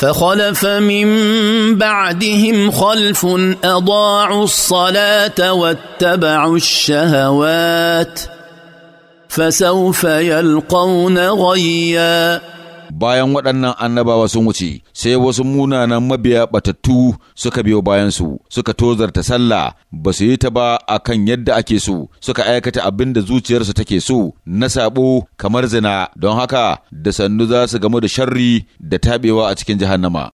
فخلف من بعدهم خلف اضاعوا الصلاه واتبعوا الشهوات فسوف يلقون غيّا bayan waɗannan annabawa sun wuce sai wasu munanan mabiya batattu suka biyo bayan su suka tozarta sallah ba su yi ta ba a kan yadda ake su suka aikata abin da zuciyarsu take so na saɓo kamar zina don haka da sannu za su gamu da sharri da taɓewa a cikin jahannama